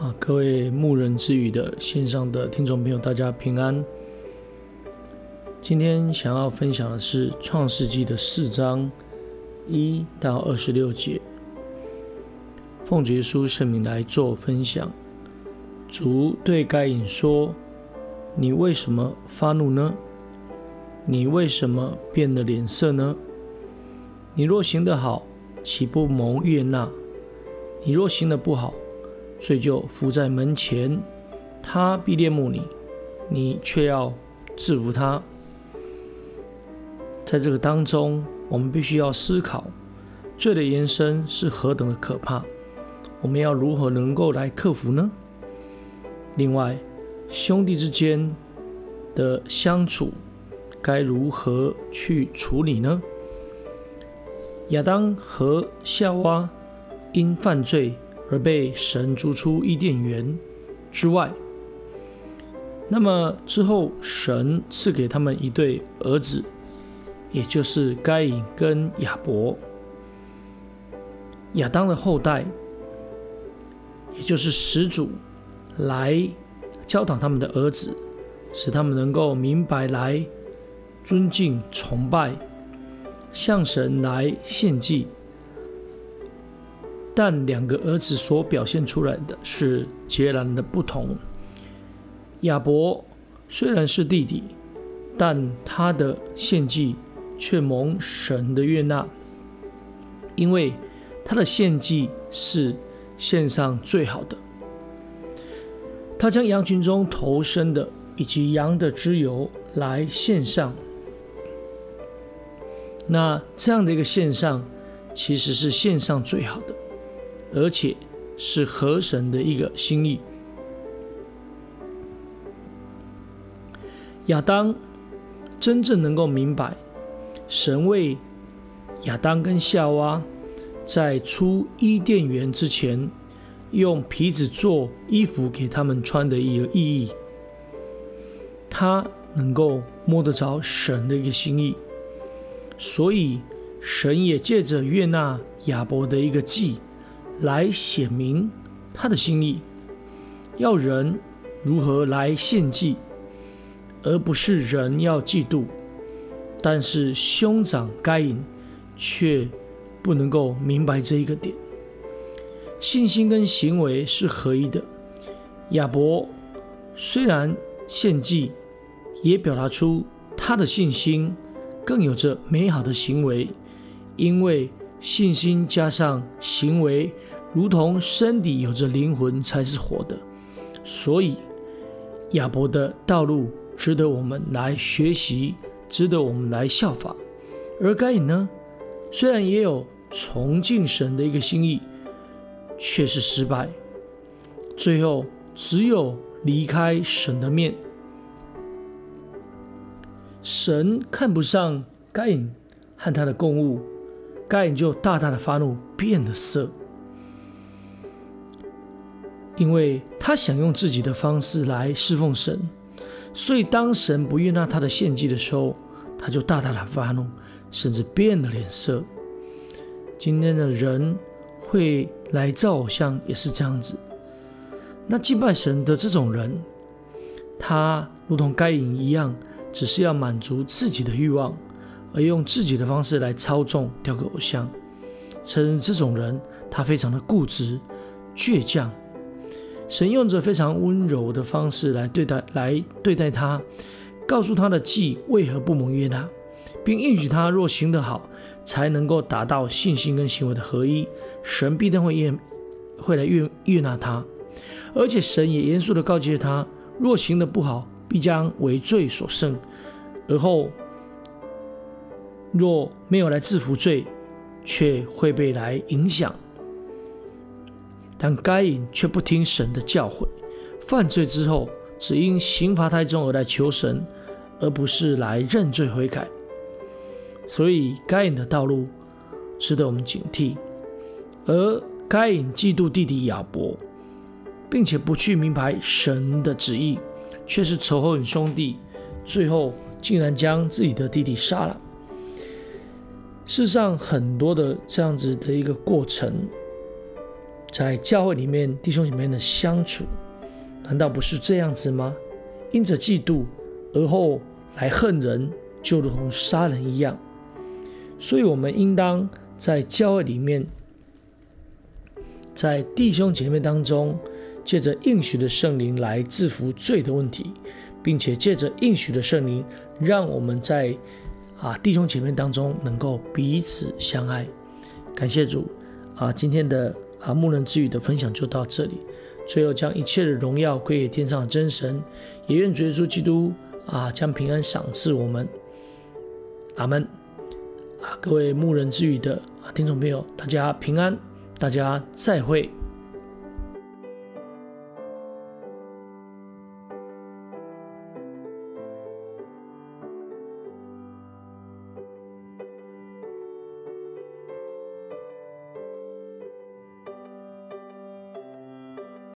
啊，各位牧人之語的線上的聽眾朋友，大家平安。今天想要分享的是《創世紀》的四章一到二十六節，奉主耶穌聖名來做分享。主對該隱說：“你為什麼發怒呢？你為什麼變了臉色呢？你若行得好，豈不蒙悅納？你若行得不好。”罪就伏在門前，他必戀慕你，你卻要制服他。在這個當中，我們必須要思考罪的延伸是何等的可怕。我們要如何能夠來克服呢？另外，兄弟之間的相處該如何去處理呢？亞當和夏娃因犯罪。而被神逐出伊甸園之外。那麼之後，神賜給他們一對兒子，也就是該隱跟亞伯，亞當的後代，也就是始祖，來教導他們的兒子，使他們能夠明白來尊敬、崇拜，向神來獻祭。但兩個兒子所表現出來的是截然的不同。亞伯雖然是弟弟，但他的獻祭卻蒙神的悅納，因為他的獻祭是獻上最好的。他將羊群中頭生的以及羊的脂油來獻上，那這樣的一個獻上，其實是獻上最好的。而且是合神的一個心意。亞當真正能夠明白神為亞當跟夏娃在出伊甸園之前用皮子做衣服給他們穿的一個意義，他能夠摸得着神的一個心意。所以神也借着悅納亞伯的一個祭，來顯明他的心意，要人如何來獻祭，而不是人要嫉妒。但是兄長該隱卻不能夠明白這一個點，信心跟行為是合一的。亞伯雖然獻祭，也表達出他的信心，更有着美好的行為，因為。信心加上行為，如同身體有着靈魂才是活的。所以亞伯的道路值得我們來學習，值得我們來效仿。而該隱呢，雖然也有崇敬神的一個心意，卻是失敗。最後只有離開神的面，神看不上該隱和他的供物。該隱就大大的發怒，變了色，因為他想用自己的方式來侍奉神，所以當神不悅納他的獻祭的時候，他就大大的發怒，甚至變了臉色。今天的人會來造偶像，也是這樣子。那敬拜神的這種人，他如同該隱一樣，只是要滿足自己的慾望。而用自己的方式來操縱雕刻偶像，該隱這種人，他非常的固執、倔強。神用着非常溫柔的方式來對待、來對待他，告訴他的祭為何不蒙悅納他，並應許他若行得好，才能夠達到信心跟行為的合一。神必定會悅會來悅悅納他，而且神也嚴肅的告誡他，若行得不好，必將為罪所勝。而後。若沒有來制服罪，卻會被來影響。但該隱卻不聽神的教誨，犯罪之後只因刑罰太重而來求神，而不是來認罪悔改。所以該隱的道路值得我們警惕。而該隱嫉妒弟弟亞伯，並且不去明白神的旨意，卻是仇恨兄弟，最後竟然將自己的弟弟殺了。世上很多的這樣子的一個過程，在教會裡面弟兄姐妹的相處，難道不是這樣子嗎？因着嫉妒而後來恨人，就如同殺人一樣。所以，我們應當在教會裡面，在弟兄姐妹當中，借着應許的聖靈來制服罪的問題，並且借着應許的聖靈，讓我們在。啊，弟兄姐妹當中能夠彼此相愛，感謝主啊！今天的啊牧人之語的分享就到這裡，最後將一切的榮耀歸給天上的真神，也願主耶穌基督啊將平安賞賜我們。阿門！啊，各位牧人之語的啊聽眾朋友，大家平安，大家再會。